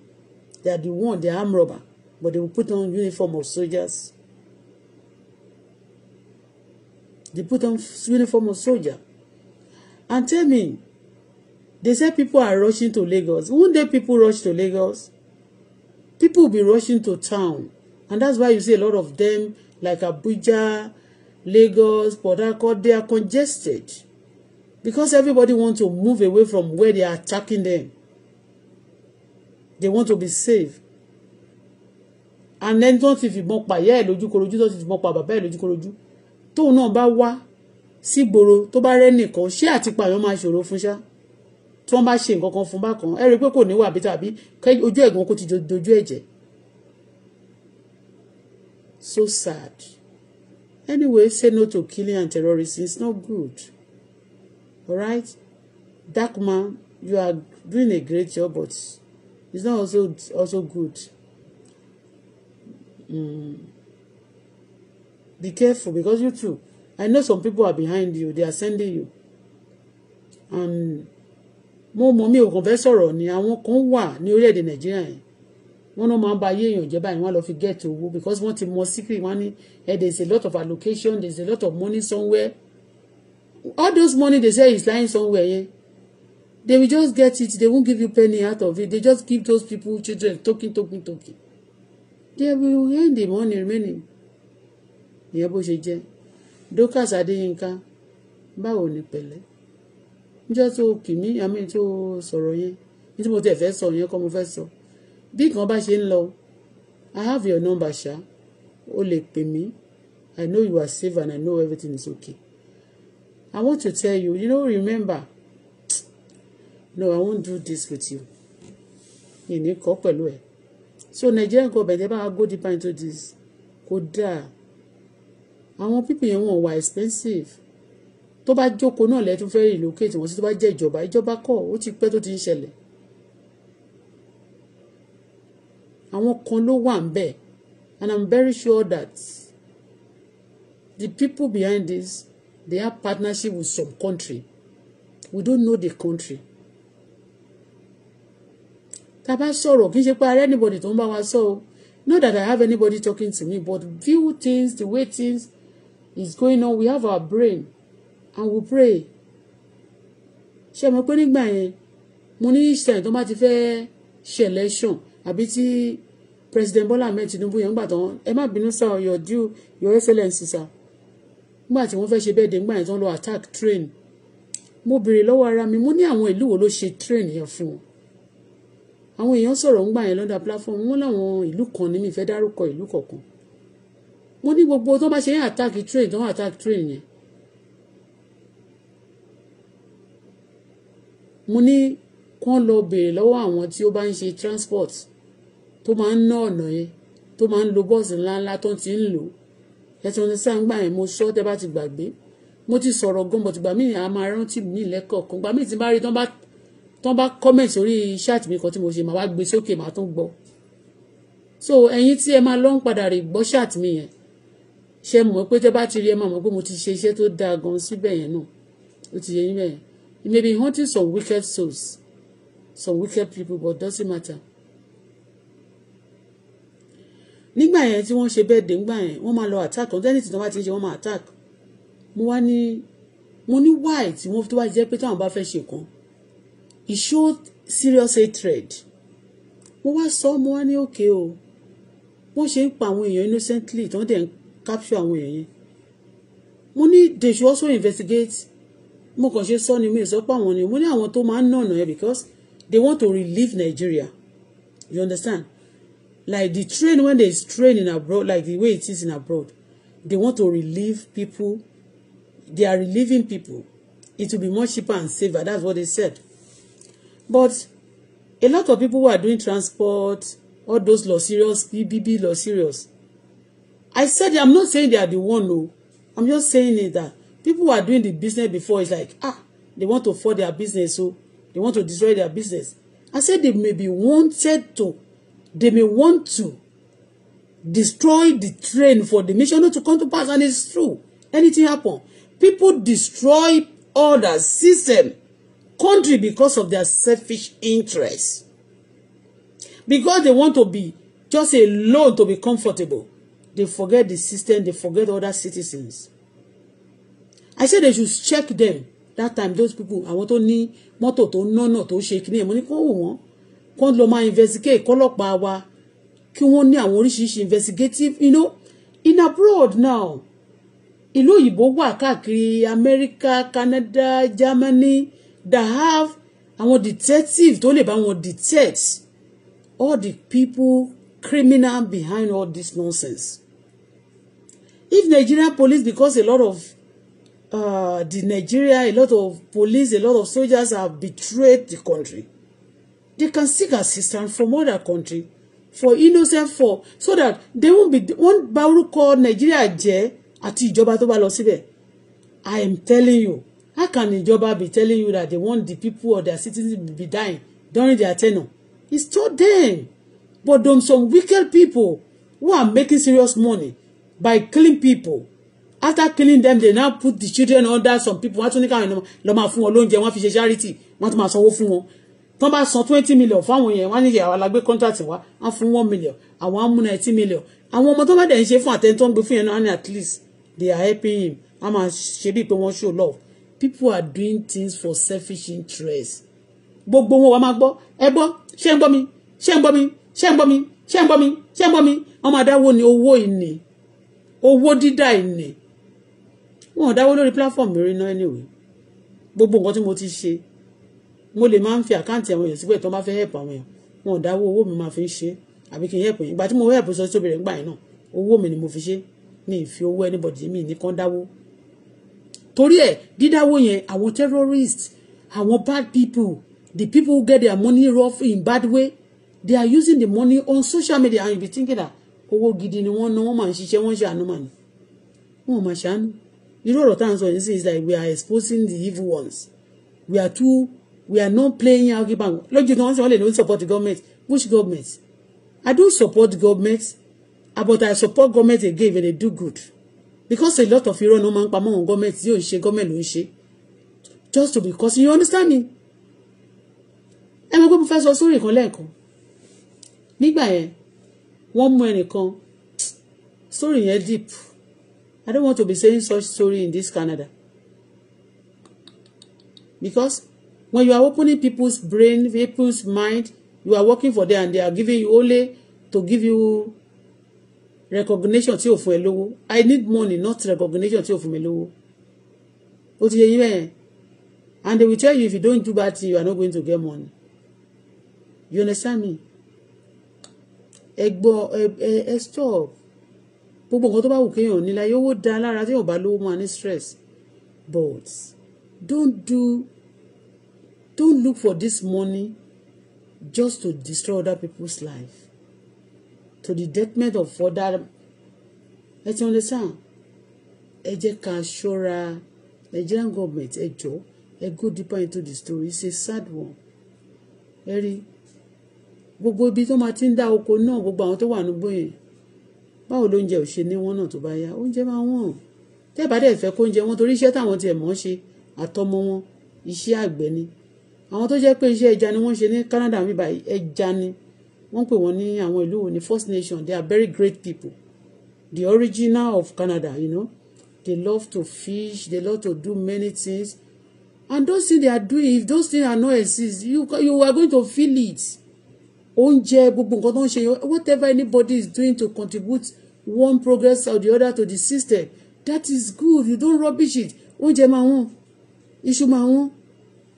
they are the one they are armed robber but they will put on uniform of soldiers They put on uniform of soldier. And tell me, they say people are rushing to Lagos. Won't they people rush to Lagos? People be rushing to town. And that's why you see a lot of them, like Abuja, Lagos, Port Harcourt, they are congested. Because everybody want to move away from where they are attacking them. They want to be safe. And then don't if you mock by yeah, lójúkorojú, don't if you mock by bàbá lójúkorojú tóun náà bá wá sígboro tó bá rẹ́ nìkan ṣé àtìpa àwọn máa ṣòro fún ṣá tí wọ́n bá ṣe nǹkan kan fún bákan ẹ rí i pé kò ní wà tàbí ojú ẹ̀gbọ́n kò ti dojú ẹ̀jẹ̀ so sad anyway say no to killing and terrorism it's not good alright dark man you are doing a great job but it's not also also good. Mm. Be careful because you too. I know some people are behind you. They are sending you. And mo mọ mi ò kàn fẹ́ sọ̀rọ̀ ni àwọn kan wà ní orílẹ̀-èdè Nàìjíríà yẹn wọ́n náà máa ń ba ayé èèyàn jẹ́ báyìí wọ́n lọ fi get owó because wọ́n ti mọ secret wọ́n ní eh, there is a lot of allocation there is a lot of money somewhere all those money they say is lying somewhere yẹn they will just get it they won't give you penny out of it they just give those people children token token token they will earn the money remaining ìyẹn bó ṣe jẹ́ Dorcas Adéyínká báwo ni pẹ̀lẹ́ níjọ́ tó kì àmì tó sọ̀rọ̀ yẹn nítorí mo tẹ̀ fẹ́ sọ yẹn kọ́ mo fẹ́ sọ bí nǹkan bá ṣe ń lọ I have your number ṣá o lè pè mí I know you are safe and I know everything is okay I want to tell you you know, remember no I won't do this with you ìní kọ́ pẹ̀lú ẹ̀ so Nigerian government ẹ bá go deeper into this kódà àwọn pípì yẹn wọn wà expensive tó bá jókòó náà lẹ́tún fẹ́ relocate wọn sí tó bá jẹ́ ìjọba ìjọba kọ̀ ó ti pẹ́ tó ti ń ṣẹlẹ̀ àwọn kan ló wà ń bẹ̀ and I'm very sure that the people behind this they have partnership with some country we don't know the country tá a bá sọ̀rọ̀ kì í ṣe pé ara anybody tó ń bá wa sọ o not that I have anybody talking to me but view things the way things is going on we have our brain and we pray ṣé mo pé nígbà yẹn mo ní ìṣẹ̀yìn tó bá ti fẹ́ ṣe election àbí tí president Bola Ahmed Tinubu yẹn gbà tán ẹ má bínú sir your due your excellency sir nígbà tí wọ́n fẹ́ ṣe bẹ́ẹ̀ dé nígbà yẹn tán lọ attack train mo béèrè lọ́wọ́ ara mi mo ní àwọn ìlú wo ló ṣe train yẹn fún wọn àwọn èèyàn sọ̀rọ̀ ńgbà yẹn lọ́dà platform wọn láwọn ìlú kan ní mi fẹ́ dárúkọ ìlú kọ̀ọ̀kan wọ́n ní gbogbo tó bá ṣe ń attack train tó ń attack train yẹn mo ní kán lọ béèrè lọ́wọ́ àwọn tí ó bá ń ṣe transport tó máa ń ná ọ̀nà yẹn tó máa ń lo bọ́ọ̀sì ńláńlá tó ti ń lò ẹ̀sùn ní sáńgbà yẹn mo sọ tẹ́ bá ti gbàgbé mo ti sọ̀rọ̀ gan bọ̀tùgbà míì a máa rántí mi lẹ́kọ̀ọ̀kan gbà míì tí bá rí tán bá bá comment orí ṣáàtì mi kan tí mo ṣe màá wá gbé e sókè màá tún gbọ́ so ẹ̀yin tí ẹ máa lọ padà rè gbọ́ ṣáàtì mi yẹn ṣe mọ̀ pé tẹ́ bá ti rí ẹ máa mọ̀ pé mo ti ṣe iṣẹ́ tó dáa gan síbẹ̀ yẹn náà ó ti yẹ yín bẹ́ẹ̀ you may be hunting some wicked souls some wicked people but doesn't matter. nígbà yẹn tí wọ́n ṣe bẹ́ẹ̀ dé nígbà yẹn wọ́n máa lọ attack ọ̀dọ́ ẹni tí wọ́n bá ti ń ṣe wọ́n máa attack mo wá ní mo ní why tí wọ́n tó wá jẹ́ pé táwọn bá fẹ́ ṣe kan it showed serious hatred mo wá sọ mo wá ní òkè o wọ́n ṣe ń pa àwọn èèyàn innocently tí wọ́n dẹ̀ ń capture àwọn èèyàn mo ní they should also investigate mo kàn ṣe sọ ni mi sọ pé àwọn ni mo ní àwọn tó máa ń nànà ẹ because they want to relieve Nigeria you understand like the train when they train in abroad like the way it is in abroad they want to relieve people they are relieving people it will be much cheaper and safer that's what they said but a lot of people who are doing transport all those law serious bbb law serious I said I'm not saying they are the one no I'm just saying it that people who are doing the business before is like ah they want to fall their business so they want to destroy their business I said they may be wanted to they may want to destroy the train for the mission not to come to pass and it's true anything happen people destroy order system country because of their selfish interest because they want to be just alone to be comfortable They forget the system. They forget other citizens. I said they should check them. That time those people àwọn tó ní mọ́tò tó nánà tó ṣe kíní ẹ̀ mo ní kó wò wọ́n kó lọ máa investigate kọ́lọ́pàá wa kí wọ́n ní àwọn oríṣiríṣi investigative you know in abroad now ìlú òyìnbó wà káàkiri America Canada Germany they have àwọn detective tó lè bá wọn detect all the people criminal behind all this nonsense if Nigeria police because a lot of uh, the Nigeria a lot of police a lot of soldiers have betrayed the country they can seek assistance from other country for innocent for so that they won't be won't bá call Nigeria jẹ́ àti ìjọba tó bá lọ síbẹ̀ I am telling you how can ìjọba be telling you that they want the people or their citizens to be dying during their tenure it's not them but them some wicked people who are making serious money by killing people after killing them they now put the children under some people wọ́n tún ní káwọn lọ máa fún wọn lóúnjẹ wọ́n fi ṣe charity wọ́n tún máa sanwó fún wọn tán bá san twenty million fáwọn yẹn wọ́n á níyà àwọn alágbé contract wa wọ́n fún one million àwọn á mú ninety million àwọn ọmọ tó bá dẹ̀ ń ṣe fún àtẹni tó ń gbé fún yẹn náà ní at least they are helping him wọ́n máa ṣe bíi pé wọ́n show love people are doing things for selfish interest gbogbo wọn wà máa gbọ́ ẹ gbọ́ ṣé ń gbọ́ mi ṣé ń gbọ́ mi ṣé ń gbọ́ mi ṣé ń gbọ́ mi ṣé ń gbọ́ mi wọ́n máa dáwọ́ ni owó ìní owó dídá ìní wọn ò dáwó lórí platform mi rí náà anyway gbogbo nǹkan tí mo ti ṣe mo lè máa ń fi àkáǹtì àwọn èèyàn síbẹ̀ tó bá fẹ́ help àwọn èèyàn wọn ò dáwó owó mi máa fi ń ṣe àbí kí n help yín ìgbà tí mo help sọ sí obìnrin gbà yín náà owó mi ni mo fi ṣe mi ì fi owó anybody mi nìkan dáwó torí ẹ̀ dídáwó yẹn àwọn terrorist àwọn bad people the people who get their money rough in bad way they are using the money on social media and you be thinking that owó gidi ni wọ́n ná wọ́n máa ń ṣiṣẹ́ wọ́n ṣàánú mà ní wọ́n máa ṣàánú irú ọ̀rọ̀ tá à ń sọ yìí sí is like we are exposing the evil ones we are too we are not playing argue bank lójú kan wọ́n sọ wọ́n lè ní we support the government which government I do support government but I support government again when they do good because a lot of irọ́ ni wọ́n pamọ́ wọn government tí yóò ṣe government ló ń ṣe just to be because you understand me ẹ mọ̀ pé mo fẹ́ sọ sórí ìkan lẹ́ẹ̀kan nígbà yẹn wọ́n mú ẹnìkan story yẹn deep I don't want to be saying such story in this Canada because when you are opening people's brain people's mind you are working for them and they are giving you only to give you recognition tí o fún ẹ lówó I need money not recognition tí o fún mi lówó ó ti yẹ yín bẹ́ẹ̀ and they will tell you if you don't do bad thing you are not going to get money you understand me ẹ gbọ́ ẹ ẹ stop gbogbo nǹkan tó bá wù kéèyàn ní láyé owó da lára tí yóò bá lówó máa ní stress but don't do don't look for this money just to destroy other people's life to the detriment of other ẹ ti understand ẹ jẹ́ ká ṣọ́ra Nigerian government ẹ jọ̀ọ́ ẹ go deeper into the story it's a sad one ẹ gbogbo ibi tó máa ti ń dá oko náà gbogbo àwọn tó wà nígbó yẹn báwo lóúnjẹ ò ṣe ní wọn náà tó bá yá oúnjẹ máa wọ́n tẹ́ bá dẹ̀ fẹ́ kó oúnjẹ wọn torí iṣẹ́ táwọn tiẹ̀ mọ̀ ń ṣe àtọmọ wọn iṣẹ́ àgbẹ̀ ni àwọn tó jẹ́ pé iṣẹ́ ẹja ni wọ́n ṣe ní Canada mi báyìí ẹja ni wọ́n pè wọ́n ní àwọn ìlú wo ní First Nation they are very great people the original of Canada you know they love to fish they love to do many things and those things they are doing if those things are not exist you you are going to feel it oúnjẹ gbogbo nǹkan tó ń ṣe whatever anybody is doing to contribute one progress or the other to the system that is good you don't rubbish it oúnjẹ máa wọ́n iṣu máa wọ́n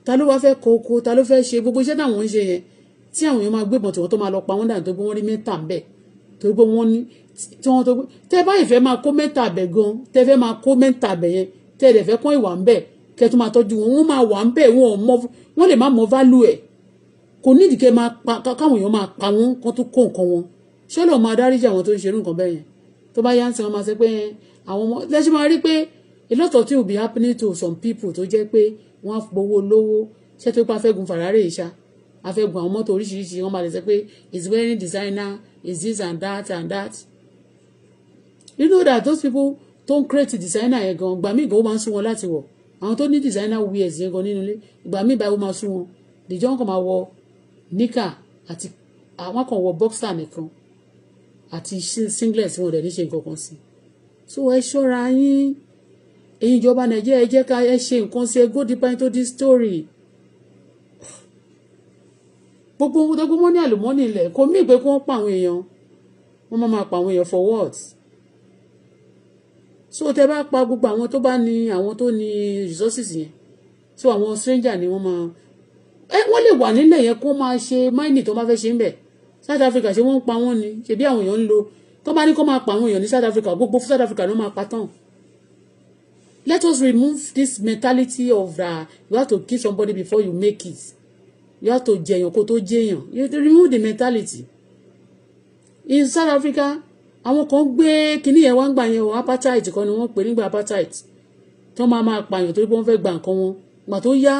ta ló wá fẹ́ kọ oko ta ló fẹ́ ṣe gbogbo iṣẹ́ táwọn ń ṣe yẹn tí àwọn èèyàn máa gbébọn tí wọ́n tó máa lọ pa wọ́n dànù tó gbé wọ́n rí mẹ́ta ń bẹ̀ tó gbé wọ́n ní tí wọ́n tó gbé tẹ́ báyìí fẹ́ máa kó mẹ́ta bẹ̀ gan tẹ́ fẹ́ máa kó mẹ́ta bẹ̀ yẹn tẹ́ ẹ̀dẹ̀ fẹ́ kọ́ ìwà ń bẹ̀ kẹ́ tó máa wọn máa wà ń bẹ̀ wọn ò mọ wọ́n lè má mọ value ẹ̀ kò nídìí kẹ́ máa pa káwọn èèyàn máa pa wọ́n kó tó kó nǹkan wọn ṣé lọ́ọ́ máa dáríjì àwọn tó ń ṣerú nǹkan bẹ́ẹ̀ yẹn tó bá yá ń sìn wọn máa ṣe pé àwọn ọmọ lẹ́sìn máa rí pé a lot of things will be happening to some people tó jẹ́ pé wọ́n á gbowó lówó ṣé tó pé afẹ́gun fàrárẹ̀ ìṣá afẹ́gun àwọn mọ́tò oríṣiríṣi wọ́n máa lè sọ pé is wearing designer is this and that and that you know that those people tó ń create designer yẹn gan gbàmí gan ó máa ń sún wọn láti wọ̀ àwọn tó ní designer wears yẹn gan nínú ilé gbàmí báyìí ó máa sún wọn dìjọ́ ń máa wọ níkà àti àwọn kan wọ boxer nìkan àti singlet wọn dẹ̀ ní ṣe nǹkan kan sí so ẹ ṣọ́ra yín ẹ̀yin ìjọba nàìjíríà ẹ jẹ́ ká ẹ ṣe nǹkan sí ẹ go deeper into this story gbogbo ohun tó mọ́ ní àlùmọ́nì ilẹ̀ kò mí ìgbé kí wọ́n pa àwọn èèyàn wọ́n máa pa àwọn èèyàn for what so tẹ bá pa gbogbo àwọn tó bá ní àwọn tó ní resources yẹn so àwọn stranger ni wọ́n máa ẹ wọ́n lè wà nílẹ̀ yẹn kó máa ṣe máìnì tó bá fẹ́ ṣe ń bẹ̀ South Africa ṣé wọ́n pa wọ́n ni ṣèbí àwọn èèyàn ń lo tó bá ní kó máa pa àwọn èèyàn ní South Africa gbogbo South Africa ló máa pa tán let us remove this mentality of uh, you have to kill somebody before you make it you have to jẹyàn kó tó jẹyàn you have to remove the mentality in South Africa àwọn kan gbé kinní yẹn wá ń gbà yẹn o apartheid kan ni wọ́n pè nígbà apartheid tó máa máa pààyàn torí pé wọ́n fẹ́ gba nǹkan wọn gbà tó yá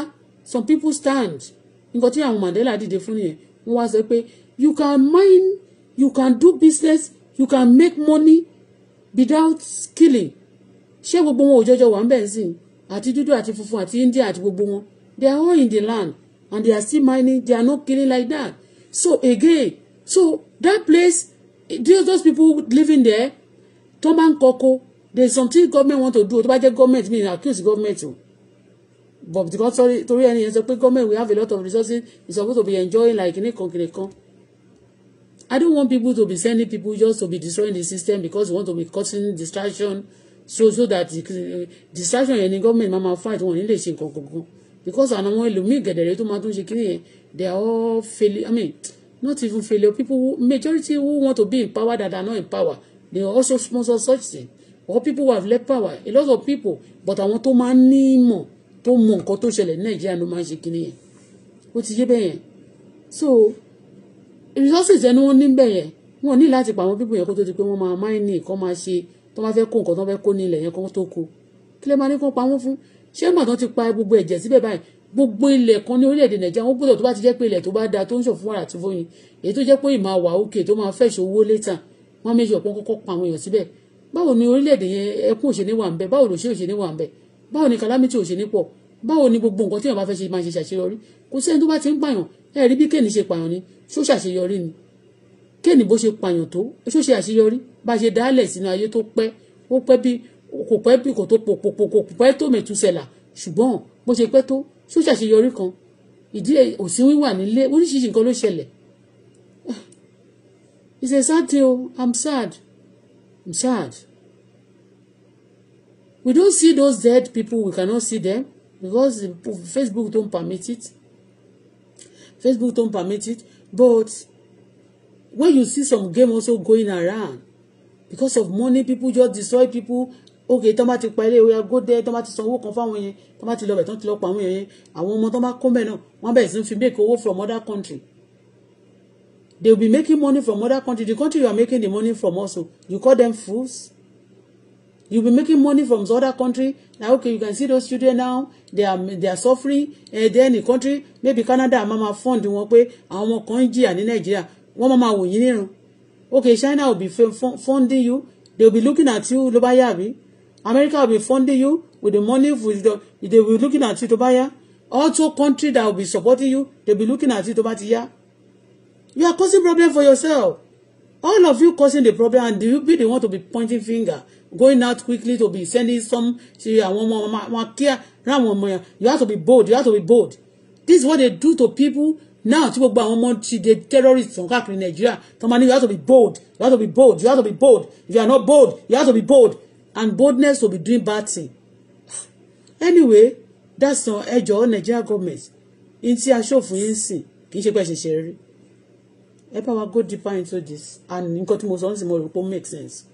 some people stand nǹkan tí àwọn Mandela dìde fún nìyẹn wọ́n wá sọ pé you can mine you can do business you can make money without killing ṣé gbogbo wọn ò jọjọ wà ń bẹ̀ sí àti dúdú àti funfun àti India àti gbogbo wọn they are all in the land and they are still mining they are not killing like that so again so that place those people living there tó máa ń kọ́kọ́ there is something government want to do tó bá jẹ́ government Mean accuse government o. Oh but because sorry torí ẹni yẹn sọ pé government we have a lot of resources it's supposed to be enjoying like nìkan kìnìkan I don't want people to be sending people just to be destroying the system because you want to be causing distraction so so that the, distraction yẹn ni government máa ma fight wọn ní lè ṣe nǹkan kankan because àwọn ọmọ ẹlòmíì gẹ̀dẹ̀rẹ̀ tó máa tún ṣe kí nìyẹn they are all failure I mean not even failure people who, majority who want to be in power that are not in power they also sponsor such thing or people who have left power a lot of people but àwọn tó máa ń ní ìmọ̀ tó mọ nǹkan tó ṣẹlẹ̀ ní nàìjíríà ló máa ń ṣe kinní yẹn ó ti yé bẹ́ẹ̀ yẹn so resources ẹni wọ́n ní bẹ́ẹ̀ yẹn wọ́n ní láti pa àwọn pípọ̀ yẹn kó tó di pé wọ́n máa máìní nǹkan máa ṣe tó máa fẹ́ kó nǹkan tó fẹ́ kó ní ilẹ̀ yẹn kan tó kó kí lè máa ní kó pa wọ́n fún ṣé màtọ́ ti pa gbogbo ẹ̀jẹ̀ síbẹ̀ báyìí gbogbo ilẹ̀ kan ní orílẹ̀-èdè nàìjíríà wọ́n gbọ́dọ̀ tó bá ti jẹ́ pé ilẹ̀ tó bá da tó ń ṣòfò wàrà àti fóyin èyí tó jẹ́ pé ìmọ̀ àwà òkè tó máa fẹ̀ṣẹ̀ owó létà wọ́n méjì ọ̀pọ̀ kọ́kọ́ pa àwọn èèyàn síbẹ̀ báwo ni orílẹ̀-èdè yẹn ẹkún òṣèlú wà ń bẹ báwo lòṣèlú òṣèlú wà ń bẹ báwo ni calamity òṣèlú pọ̀ báwo ni gbogbo nǹkan tí fẹ́ ṣe máa ṣe ṣàṣeyọrí kò sí ẹni tó bá ti ń pààyàn ẹ rí bí kéènì ṣe pààyàn ni ṣó ṣàṣeyọrí ni kéènì bó ṣe pààyàn tó ṣó ṣe àṣeyọrí bá ṣe dálẹ̀ sínú ayé tó pẹ́ ó pẹ́ bí kò pẹ́ bí kò tó pòpòpò kò pẹ́ tó mẹ̀túnṣẹ̀là ṣùgbọ́n bó ṣe pẹ́ tó ṣó ṣàṣeyọrí kan ìdí òsín wíwà nílé oríṣiríṣi nǹkan ló ṣẹlẹ̀ i'm sad we don't see those dead people we cannot see them because Facebook don't permit it Facebook don't permit it but when you see some game also going around because of money people just destroy people okay tọ́ bá ti pa ilé ìwé go there tọ́ bá ti san owó kan fáwọn yẹn tọ́ bá ti lọ bẹ̀ tọ́ ti lọ pa àwọn yẹn àwọn ọmọ tọ́ bá kó mẹ́ náà wọ́n bẹ̀rẹ̀ sí fi make owó from other country they will be making money from other country the country you are making the money from also you call them fools you will be making money from other country na okay you can see those children now they are they are suffering uh, there in the country maybe Canada máa ma fund wọn pé àwọn ọmọ kan ń jìyà ní Nàìjíríà wọ́n máa ma wò yín nírun okay China will be funding you they will be looking at you ló bá yà bí America will be funding you with the money with the they will be looking at you tó bá yà also country that will be supporting you they will be looking at you tó bá ti yà you are causing problem for yourself all of you causing the problem and you be the one to be pointing finger going out quickly to be sending some to àwọn ọmọ ọmọ ọmọ kíá ráwọn ọmọ yẹn you have to be bold you have to be bold this is what they do to people now tí gbogbo àwọn ọmọ ti de terrorists wọn káàkiri Nàìjíríà tó máa ní you have to be bold you have to be bold you have to be bold if you are not bold you have to be bold and boldness will be doing bad thing anyway that's not ẹjọ́ Nigeria government in ti aṣòfin yìí sìn kì í ṣe pé ṣẹṣẹ rí ẹ bá wa go deeper into this and nǹkan tí mo sọ ń sìn mo rò pé make sense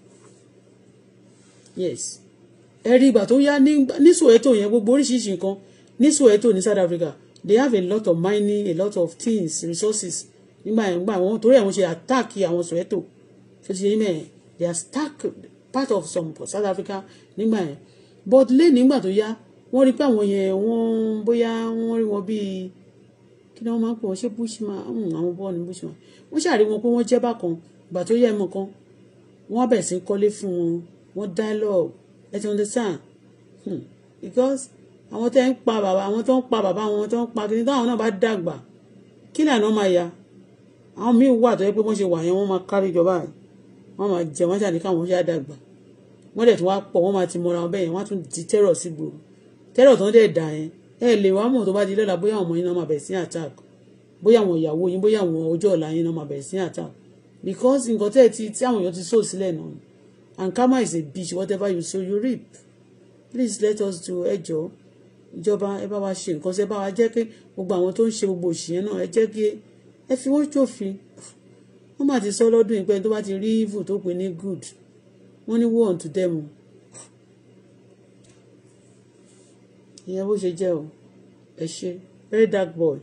yes ẹ̀rí ìgbà tó yá ní Soweto yẹn gbogbo oríṣiríṣi nǹkan ní Soweto ní South Africa they have a lot of mining a lot of things resources nígbà yẹn nígbà wọn torí àwọn ṣe attack àwọn Soweto ṣe ti yẹn they are stuck part of some South Africa nígbà yẹn but lẹ́yìn nígbà tó yá wọ́n rí pé àwọn yẹn wọ́n bóyá wọ́n rí wọn bíi kí ni wọ́n máa ń pè wọ́n ṣe bushman hmm, àwọn bọ́ọ̀lù bushman wọ́n ṣàrí wọn pé wọ́n jẹ́ bákan ìgbà tó yẹ ẹ̀mọ kan wọ́n bẹ̀rẹ̀ sí kọ́lé fún wọn wọ́n dialogue ẹ ti understand hmm. because àwọn tó ń pa bàbá àwọn tó ń pa bàbá àwọn tó ń pa kìnìún táwọn náà bá dàgbà kí lànà máa ya àwọn míì wà tó yẹ pé wọ́n ṣe wà yẹn wọ́n máa kárí ìjọba rẹ̀ wọ́n máa jẹ wọ́n ṣàdínkà wọ́n ṣe àdàgbà wọ́n dẹ̀ tún wá pọ̀ wọ́n máa ti mọra wọn bẹ́ẹ̀ yẹn wọ́n á tún di tẹ́rọ̀ sí gbòòrò tẹ́rọ̀ tó ń dẹ̀ dà yẹn ẹ lè wá mọ̀ tó bá di lọ́la bóyá ọmọ yín náà máa bẹ̀rẹ̀ sí attack bóyá àwọn ìyàwó because nǹkan tẹ́ ti tí àwọn èèyàn ti sóò sílẹ̀ and karma is a bitch whatever you sow you reap please let us do ẹjọ ìjọba ẹ bá wa ṣe nǹkan ṣe bá wa jẹ́ pé gbogbo àwọn tó ń ṣe gbogbo òṣìyẹn náà ẹ jẹ́ kí ẹ fi wọ́n jófin wọ́n mà ti sọ lọ́dún yìí pé tó bá ti rí evil tó pè ní good wọ́n ní woe unto them ìyẹn bó ṣe jẹ́ o ẹ ṣe very dark boy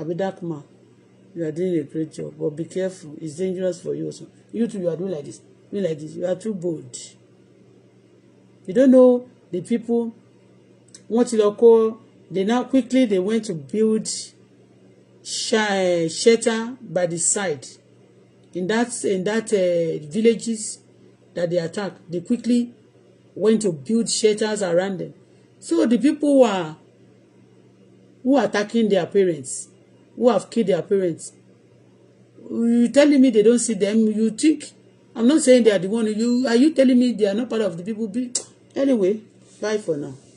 àbí dark man you are doing a great job but be careful it's dangerous for you also you too you are doing like this me like this you are too bold you don't know the people wọ́n ti lọ kó they now quickly they went to build shelter by the side in that in that uh, villages that they attack they quickly went to build shelters around them so the people who are who are attacking their parents who have killed their parents you telling me they don't see them you think I'm not saying they are the one you are you telling me they are not part of the people be anyway bye for now.